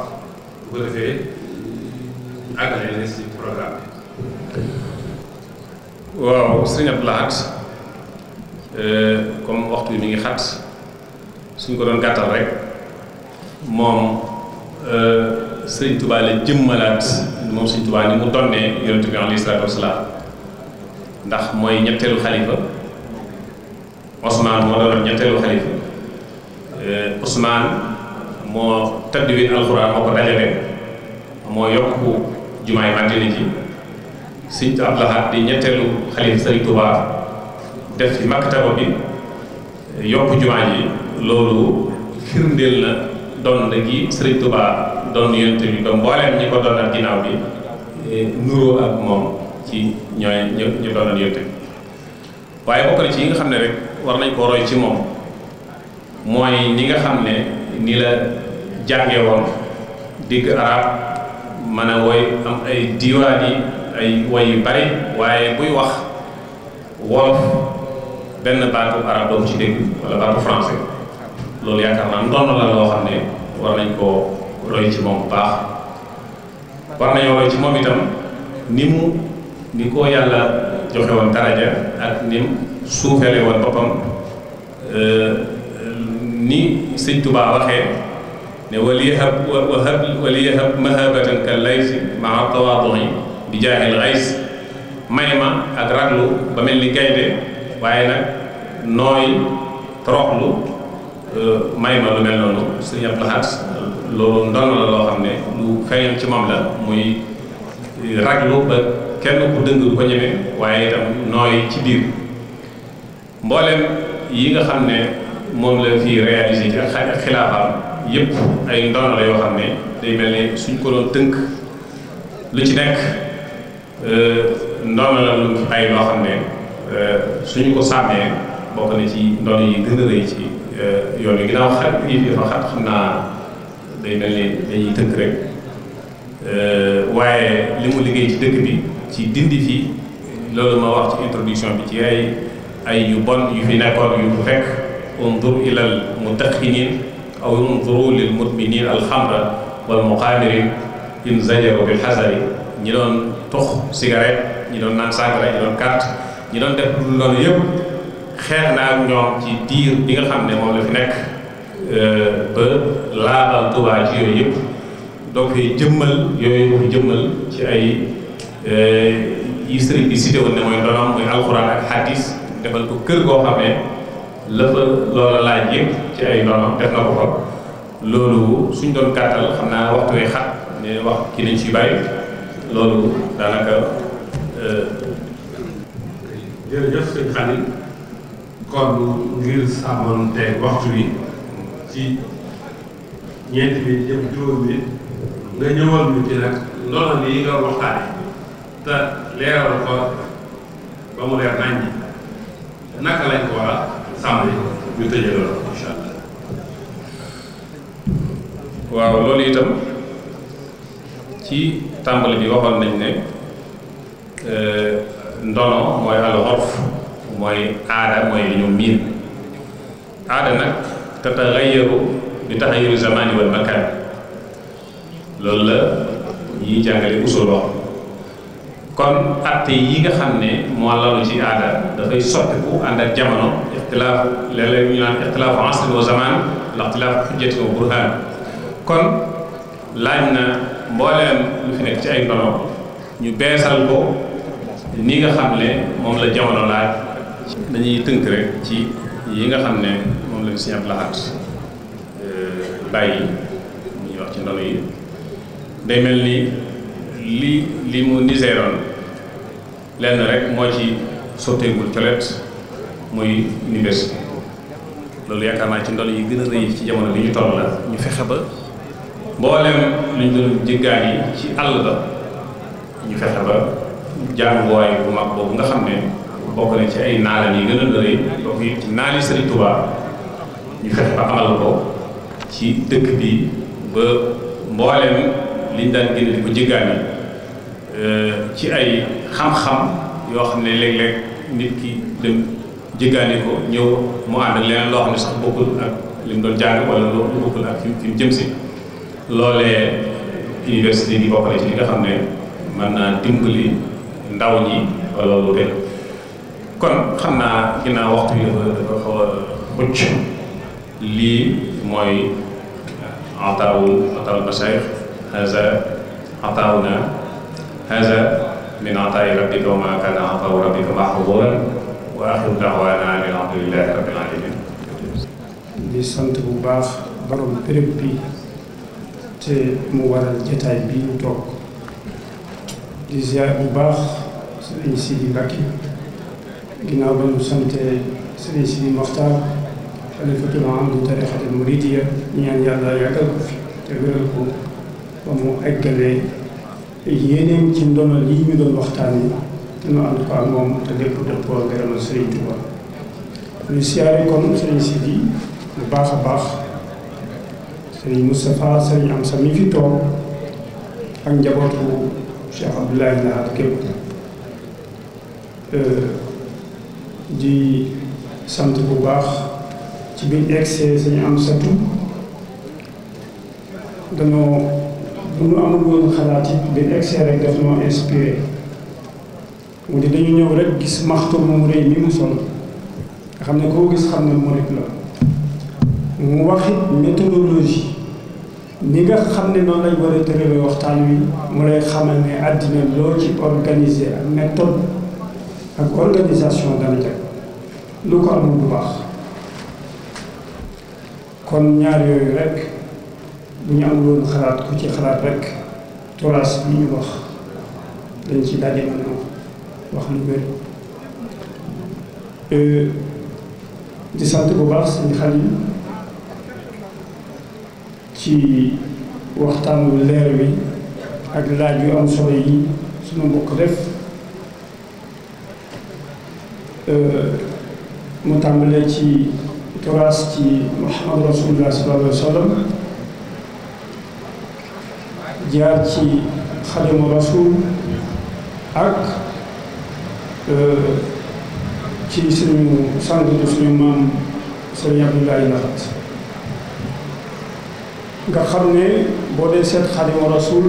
[SPEAKER 1] bu defee ñu àggale leen si programme bi. waaw sëñ Abdou Lahad euh, comme waxtu bi mi ngi xat suñ ko doon gàttal rek moom euh, sëñ Touba la jëmmalaat moom sëñ Touba ni mu donnee yonent bi alayhi salaatu wasalaam ndax mooy ñetteelu xalifa Osmaan moo doon ñetteelu xalifa. Eh, Ousmane moo tadwin alxuraan moo ko dajale moo yokku jumaay Madina ji sëñ Abdou Lahad di def ci maktaba bi yokku jumaa ji loolu firndeel na doon gi Sëriñ Tuubaa doon yonent bi ba mbooleem ñi ko doon ak ginnaaw bi eh, nuroo ak moom ci ñooy ñu doon yonent bi waaye bokk na ci nga xam ne rek war nañ koo roy ci moom mooy ñi nga xam ne ni la jànge woon digg arab mën a woy am ay diwaan yi ay woy yu bari waaye buy wax wolof benn baatu arab doom ci dégg wala baatu français loolu yaakaar naa ndoon la loo xam ne war nañ koo roy ci moom baax war nañoo roy ci moom itam ni mu ni ko yàlla joxe woon ak ni mu suufeele boppam euh, ni sëñ Tuubaa waxee ne waliyahab wahab waliyahab mahabatan ka lays maa tawaadui bi jaahil ays may ma ak raglu ba mel ni gaynde waaye nag nooy toroxlu euh, may ma lu mel noonu sëñ Abdou Lahad loolu ndon la loo xam ne lu feeñal ci moom la muy euh, raglu ba kenn ku dëng du ko ñeme waaye itam nooy ci biir mboolem yi nga xam ne moom la fi réalisé ci ak xilaafaam yëpp ay ndono la yoo xam ne day mel ne suñ ko doon tënk lu ci nekk euh, ndono la lu ay loo xam ne euh, suñu ko sàmmee bokk na ci ndono yi gën a rëy ci euh, yoon yi ginnaaw xam naa day mel ne dañuy tënk rek waaye li mu liggéey ci dëkk bi ci dindi fii loolu ma wax ci introduction bi ci ay ay yu bon yu fi nekkoon yu fekk undur ila al mutaxinin aw unduru lil mudminin alxamra wal muqaamirin in zajaru bil xasari ñi doon tux cigarette ñi doon naan sàngara ñi doon carte ñi doon def loolu yëpp xeex naa ak ñoom ci diir bi xam ne moom la fi nekk euh, ba laabal Tuubaa ci yooyu yëpp doo koy jëmmal yooyu ko jëmmal ci ay euh, yi bi cité ne mooy ndonoom muy alxuraan ak xaddis defal ko kër goo xam ne la fa loola laaj yëpp ci ay doomam def na ko fa loolu suñ doon gàttal xam naa waxtu wi xat ne wax ki nañ ci bàyyi loolu daanaka. Euh, jërëjëf sëñ Xali kon ngir sàmmoon te waxtu wi ci ñeenti bi jëm juróom bi nga ñëwal ñu ci nag ndono yi nga waxtaane te leeral ko ba mu leer nañ naka lañ ko war samedi ñu tëjee loolu incha allah waaw loolu itam ci tàmbali bi waxoon nañ ne euh, ndono mooy al urf mooy aada mooy li miin aada nag tataxayaru bi taxayuru zamani wal makaan loolu la ñuy jàngale usul wax kon atte yi nga xam ne moo lalu ci aada dafay soppiku ànd ak jamono ixtilaaf léeg ñu naan ixtilaafu asrin wa zaman kon laaj na mbooleem lu fi nekk ci ay ndono ñu beesal ko ni nga xam ne moom la jamono laaj dañuy tënk rek ci yi nga xam ne moom la ñu si ñàpp laxaat bàyyi mu wax ci ndono yi day mel ni li li mu niseeroon lenn rek moo ci sotteegul colet muy université loolu yaakaar naa ci ndol yi gën a rëy ci jamono bi ñu toll la ñu fexe ba mboolem lu ñu doon jéggaan yi ci àll ba ñu fexe ba jànguwaay bu mag boobu nga xam ne bokk na ci ay naalam yi gën a rëy bokk it ci naali Sëriñ Tuubaa ñu fexe ba amal ko ci dëkk bi ba li ñu daan génn di ko jéggaan yi Euh, ci ay xam-xam yoo xam ne léeg-léeg nit ki dem jéggaani ko ñëw mu ànd ak leneen loo xam ne sax bokkul ak li mu doon jàng wala lu bokkul ak fi mu jëm si université bi bokk na ci li nga xam ne mën naa dimbali ndaw ñi wala lu dem kon xam naa ginnaaw waxtu bi dafa dafa xaw a mucc lii mooy ataawul ataawul masaayix haza hada min ataai rabbika wa ma kana ataau rabbika mahduran wa axiru daawaana an alhamdulilahi rabbil alamin
[SPEAKER 2] di sant bu baax borom bi te mu waral jataay bi ñu di ziar bu baax sëriñ Sidi Mbacke ginnaaw ba ñu sante sëriñ Sidi Moxtaar xalifatul am du tarixatul muridiya ñaan yàlla yàggal ko fi te wéral ko ba mu eggalee yéeneem ci ndono lii ñu doon waxtaanee te ñu ànd ko ak moom te lépp dëppoo ngërëmal Sëriñ Tuuba ñu siyaare kon sëriñ Sidi bu baax a baax sëriñ Moustapha sëriñ Amsa mi fi toog ak njabootu Cheikh Abdoulaye Lahad képp euh, di sant bu baax ci biñ egsee sëriñ Amsatu dañoo bu ñu amul woon xalaat it bi egsee rek daf noo inspiré mu di dañu ñëw rek gis maxtu mu rëy mi mu sol nga xam ne koo gis xam ne murit mu waxit méthodologie ni nga xam ne noonu lañ war a waxtaan wi mu lay xamal ne àddina loo ci organiser ak méthode ak organisation dana jag lu ko amul bu baax kon ñaar yooyu rekk bu ñu amul woon xalaat ku ci xalaat rek turas bi ñu wax dañ ci daje mën a wax lu bëri euh, di sant bu baax sëñ Xalil ci waxtaan wu leer wi ak laaj yu am solo yi suma mbokk def euh, mu tàmbalee ci turas ci Muhammad Rasulullah sallallahu alayhi wa sallam jaar ci xadimu rasul ak euh, ci suñu sang bi suñu maam sëriñ Abdoulaye Laxat nga xam ne boo dee seet xadimu rasul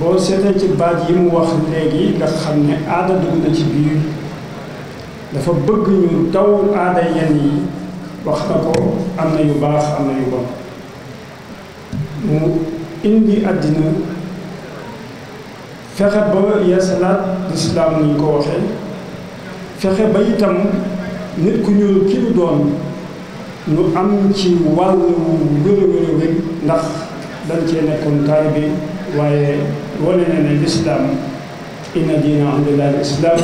[SPEAKER 2] boo seetee ci baat yi mu wax léegi nga xam ne aada dugg na ci biir dafa bëgg ñu daw aada yenn yi wax na ko am na yu baax am na yu bon mu indi àddina fexe ba yeesalaat lislaam ni ko waxee fexe ba itam nit ku ñuul ki ñu doon ñu am ci wàll wu wér a wér ndax dañ cee nekkoon taay bi waaye wane na ne lislaam inna diina indallaahi lislaam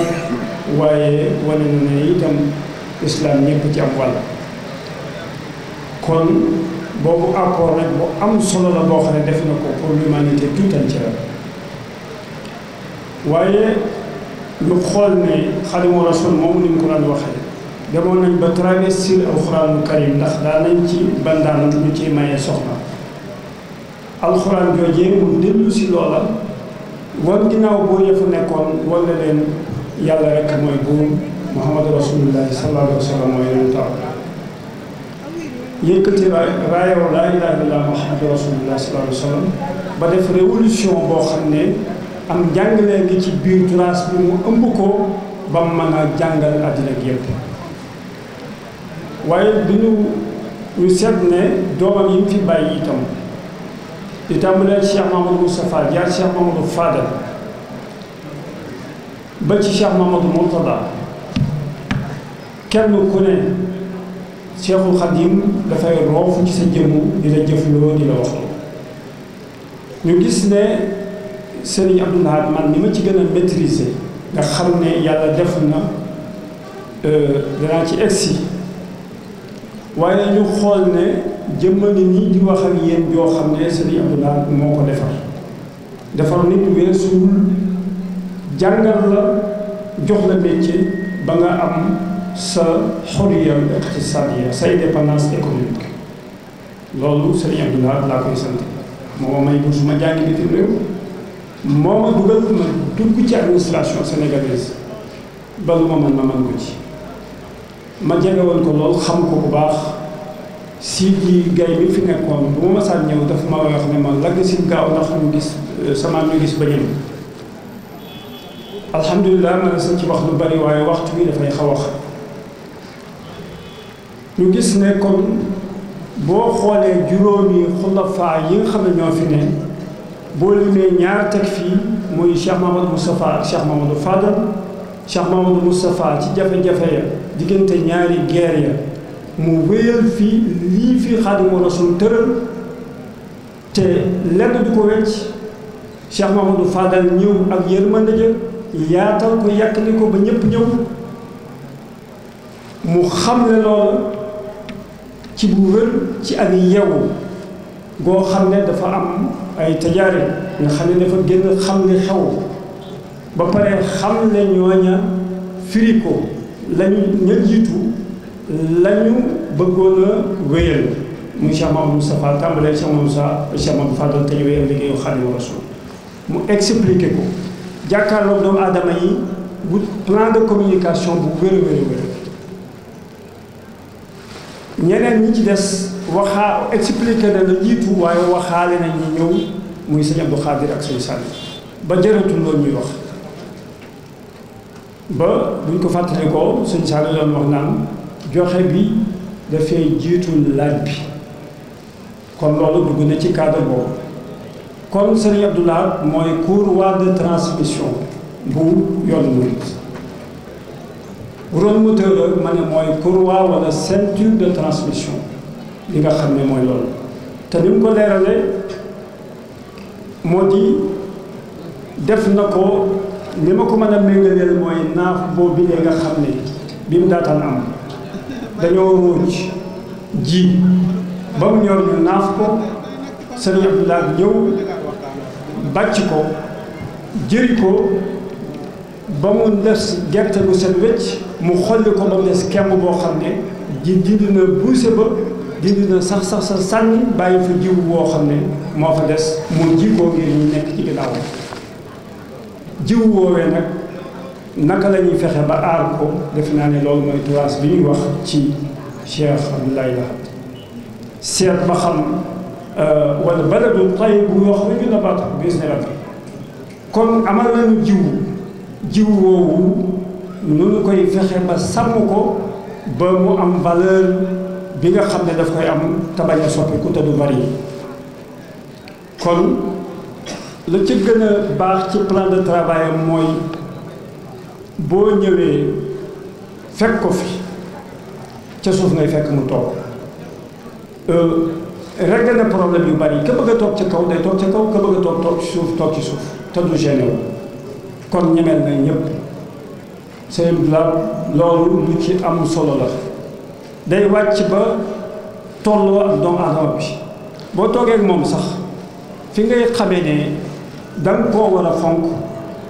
[SPEAKER 2] waaye wane na ne itam lislaam ñëpp ci am wàll kon boobu accord nag bu am solo la boo xam ne def na ko pour l'humanité tout entière waaye ñu xool ne Xaadimu Rasuul moomu ni ñu ko daan waxee demoon nañ ba travestir alxuraanu karim ndax daa nañ ci bandaan lu ci mayee soxna alxuraan joojee mu dellu si loola wan ginnaaw boo yëfu nekkoon wala leen yàlla rek mooy buur Muhammadu Rasulullahi sallallahu alayhi wa sallam mooy yëkkati raay raayoo laa ilaaha illallaah muhammadu rasuulullaah sallallaahu alayhi wa sallam ba def révolution boo xam ne am jàngalee ngi ci biir turaas bi mu ëmb ko ba mën a jàngal àddina gi waaye du ñu ñu ne doomam yi mu fi bàyyi itam di tàmbalee Cheikh Mamadou Moustapha jaar Cheikh Mamadou Fadal ba ci Cheikh Mamadou Mourtada kenn ku ne Cheikhul Khadim dafay roofu ci sa jëmm di la jëfloo di la ñu gis ne Serigne Abdou Lahad man ni ma ci gën a maîtriser nga xam ne yàlla def na euh, danaa ci egsi waaye ñu xool ne jëmm ni nii di wax ak yéen yoo xam ne Serigne Abdou moo ko defar defar nit weesuwul jàngal la jox la métier ba nga am sa xurriya iqtisadiya sa indépendance économique loolu sëriñ Abdou Lahad laa koy sant moo ma may bu ma jàngi bitim réew moo ma dugal ma dugg ci administration sénégalaise ba lu ma mën ma mën ko ci ma jege ko loolu xam ko bu baax si ji gay mi fi nekkoon bu ma masaan ñëw dafa ma wax ne ma lagg si gaaw ndax ñu gis euh, sama ñu gis ba ñëw alhamdulilah ma ne sa ci wax lu bari waaye waxtu bi dafay xaw ñu gis ne kon boo xoolee juróomi xulafaa yi nga xam ne ñoo fi ne boo limee ñaar teg fii muy Cheikh Mamadou Moustapha ak Cheikh Mamadou Fadal Cheikh Mamadou ci jafe-jafe ya diggante ñaari guerre ya mu wéyal fii lii fi Xaadimu Rasuul tëral te lenn du ko wecc Cheikh Mamadou Fadal ñëw ak yërmande ja yaatal ko yàq ni ko ba ñépp ñëw mu xamle loolu ci bu wër ci ak yeewu goo xam ne dafa am ay tajaare nga xam ne dafa génn xam ne xew ba pare xam ne ñooña firi ko lañu ña jiitu lañu bëggoon a wéyal muy Cheikh Mamadou Moustapha tàmbalee Cheikh Mamadou Moussa Cheikh Mamadou Fadal te ñu wéyal liggéeyu Xaadimu Rasuul mu expliqué ko jàkkaarloo doomu aadama yi bu plan de communication bu wér a wér ñeneen ñi ci des waxaa expliqué na la jiitu waaye waxaale nañ ñu ñëw muy sëñ Abdou Khadir ak sëñ Sall ba jëratul loolu ñuy wax ba buñ ko fàttalikoo sëñ Sall doon wax naan joxe bi dafay jiitu laaj bi kon loolu dugg na ci cadre boobu kon sëñ Abdoulaye mooy courroie de transmission bu yoonu murid bu doon moteur la ma ne mooy courroie wala ceinture de transmission li nga xam ne mooy loolu te ni mu ko leerale moo di def na ko li ma ko mën a méngaleel mooy naaf boobu bi nga xam ne bi mu daataan am dañoo ruuj ji ba mu ñor ñu naaf ko sëriñ Abdoulaye ñëw bàcc ko jëri ko ba mu des gerte bu set wecc mu xolli ko ba mu des kemb boo xam ne ji dindi na buuse ba dindi na sax sax sa sànni bàyyi fa jiw woo xam ne moo fa des mu ji ko ngir ñu nekk ci ginnaaw jiw woowee nag naka la ñuy fexe ba aar ko defe naa ne loolu mooy tuwaas bi ñuy wax ci Cheikh Abdoulaye Lahad seet ba xam euh, wala baladu tayyibun yuxriju nabaatahu bi-izni rabbih kon amal nañu jiw jiw woowu nu ñu koy fexe ba sàmm ko ba mu am valeur bi nga xam ne daf koy am te bañ a soppiku te du bari kon la ci gën a baax ci plan de travail mooy boo ñëwee fekk ko fi ca suuf ngay fekk mu toog euh, régler na problème yu bari ka bëgg a toog ca kaw day toog ca kaw ka bëgg a toog toog ci suuf toog ci suuf te du gêné kon ñemeel na ñëpp sëñ la loolu du ci amul solo la day wàcc ba tolloo ak doomu aadama bi boo toogee ak moom sax fi ngay xamee ne da koo war a fonk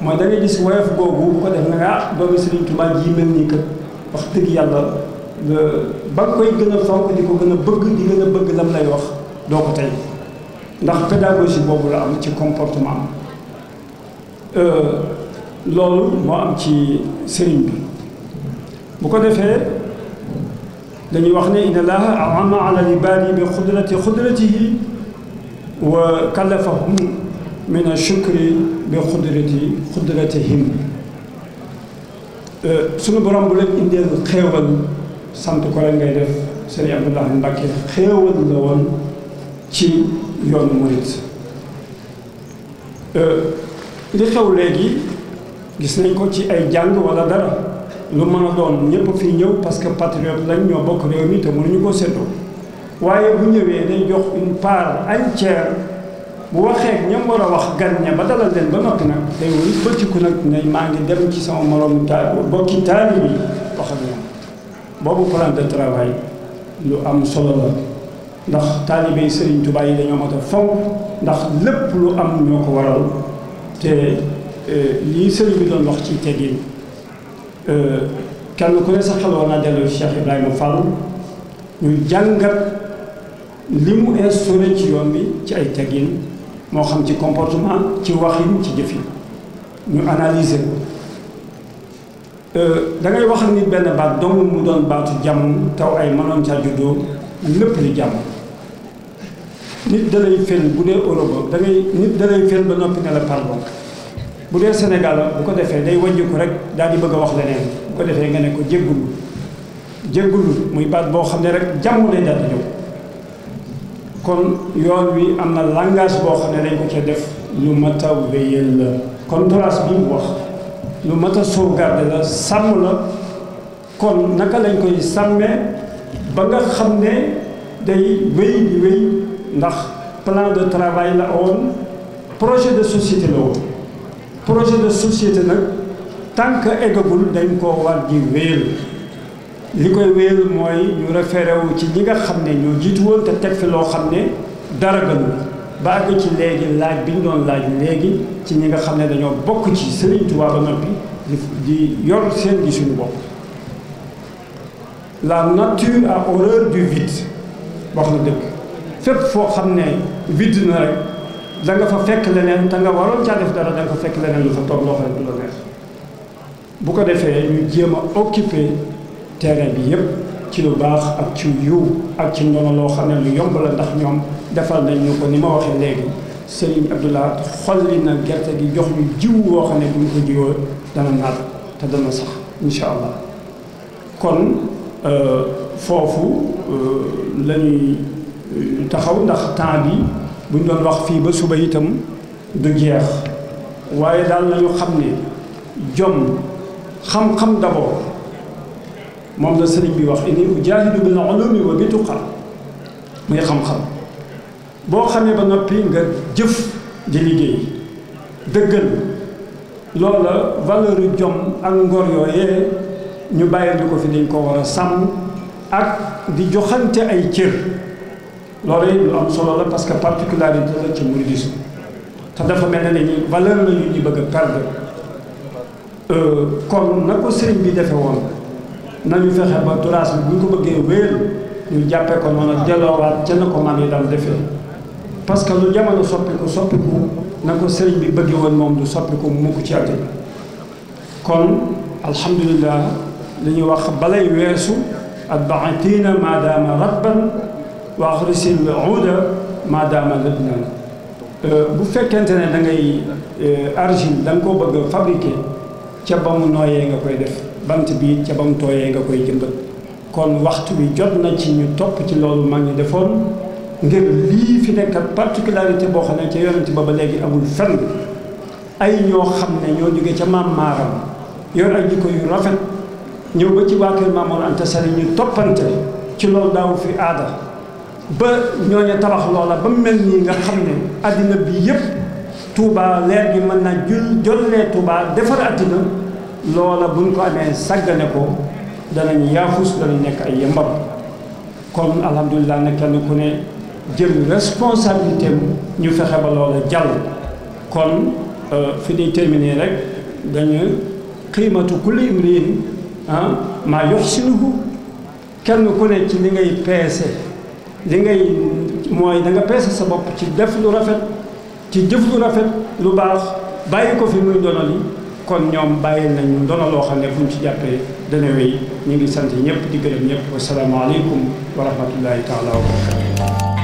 [SPEAKER 2] mooy da ngay gis woyof googu bu ko def na nga ah doomi Sëriñ Tuubaa ji mel nii kat wax dëgg yàlla ba nga koy gën a di ko gën a bëgg di gën a bëgg lam lay wax doo ko tey ndax pédagogie boobu la am ci comportement euh, loolu moo am ci sëriñ bu ko defee dañuy wax ne inna allaha ama ala libaadi bi xudrati xudratihi wa kallafahum min ashukri bi xudrati xudratihim euh, suñu borom bu leen indeel xéewal sant ko rek ngay def sëriñ Abdoulahi Mbàkke xéewal la ci yoonu murit euh, li xew léegi gis nañ ko ci ay jàng wala dara lu mën a doon ñëpp fii ñëw parce que patriote lañ ñoo bokk réew mi te mënuñu koo séddoo waaye bu ñëwee day jox une part entière bu waxee ñam war a wax gan ña ba dalal leen ba noppi nag day wëri bëcciku nag ne maa ngi dem ci sama moromu taal bokki taali bi wax ak ñoom boobu plan de lu am solo la ndax taalibe Sëriñ Tuubaa yi dañoo mat a fonk ndax lépp lu am ñoo ko waral te Euh, lii sëriñ bi doon wax ci teggin euh, kenn ku ne sa xel war naa dellu Cheikh Ibrahima ñu jàngat li mu instauré ci yoon bi ci ay teggin moo xam ci comportement ci waxin ci jëfin ñu analyser ko euh, da ngay wax ni benn baat dong mu doon baatu jàmm taw ay mënoon ca juddoo lépp di jàmm nit dalay fen bu dee Europe da ngay nit dalay fen ba noppi ne la pardon bu dee Sénégal la bu ko defee day wàññiku rek daal di bëgg a wax leneen bu ko defee nga ne ko jéggulu jéggulu muy baat boo xam ne rek jàmm lay daal di ñëw kon yoon wi am na langage boo xam ne dañ ko ca def lu mat a wéyal la kon trace bi mu wax lu mat a sauvegarde la sàmm la kon naka lañ koy sàmmee ba nga xam ne day wéy di wéy ndax plan de travail la woon projet de société la woon projet de société nag tant que eggagul dañ koo war ji wéyal li koy wéyal mooy ñu référé wu ci ñi nga xam ne ñoo jiitu woon te teg fi loo xam ne dara gënul ba àgg ci léegi laaj bi ñu doon laaj léegi ci ñi nga xam ne dañoo bokk ci Sëriñ Tuubaa ba noppi di yor seen gi suñu bopp la nature a horreur du vide wax na dëgg fépp foo xam ne vide na rek da nga fa fekk leneen te nga waroon caa def dara da nga fa fekk leneen lu fa toog loo xam du la neex bu ko defee ñu jéem a occuper terrain bi yépp ci lu baax ak ci yiw ak ci ndono loo xam ne lu yomb la ndax ñoom defal nañ ñu ko ni ma waxee léegi Serigne Abdoulaye xolli na gerte gi jox ñu jiw woo xam ne bu ñu ko jiwoo dana naat te dana sax incha allah kon euh, foofu euh, lañuy euh, taxaw ndax temps bi. buñ doon wax fii ba suba itam du jeex waaye daal nañu xam ne jom xam-xam d'abord moom la sëriñ bi wax ini ujaahidu bil ulumi wa bi tuqa muy xam-xam boo xamee ba noppi nga jëf di liggéey dëggal loola valeur jom ak ngor yooyee ñu bàyyil ko fi dañ ko war a sàmm ak di joxante ay cër loolu it lu am solo la parce que particularité la ci mouridisme te dafa mel ne ni valeur la yu ñu bëgg a perdre euh, kon na ko sëriñ bi defe woon nañu fexe ba turaas bi bu ñu ko bëggee wéer ñu jàppee ko noonu delloowaat ca na ko man yi daan defee parce que lu jamono soppiku soppiku na ko sëriñ bi bëggee woon moom du soppiku mukk ci àddina kon alhamdulilah li ñuy wax balay weesu at baatiina maadaama rabban wa axrisil uuda maa daama labnan euh, bu fekkente ne da ngay euh, argile da nga ko bëgg a fabriquer ca ba mu nooyee nga koy def bant bii ca ba mu tooyee nga koy jëmbat kon waxtu bi jot na ci ñu topp ci loolu mag ñi defoon ngir lii fi nekkat particularité boo xam ne ca yonent ba ba léegi amul fenn ay ñoo xam ne ñoo jóge ca maam maaram yor ak jikko yu rafet ñëw ba ci waa kër Maam Mor Anta Sali ñu toppante ci loolu daaw fi aada ba ñooñu tabax loola ba mel nii nga xam ne addina bi yépp Touba leer gi mën na jul jollee Touba defar addina loola buñ ko amee sàggane ko danañ yaafus danañ nekk ay yëmbam kon alhamdulilah ne kenn ku ne jël responsabilité ñu fexe ba loola jàll kon euh, fi ñuy terminer rek dañu qiimatu kulli imriin ah maa yoxsinuhu kenn ku ne ci li ngay peese li ngay mooy da nga peese sa bopp ci def lu rafet ci jëf lu rafet lu baax bàyyi ko fi muy ndono li kon ñoom bàyyi nañu ndono loo xam ne fu ñu ci jàppee dana ñu ngi sant ñëpp di gërëm ñëpp wasalaamaaleykum wa rahmatullahi taala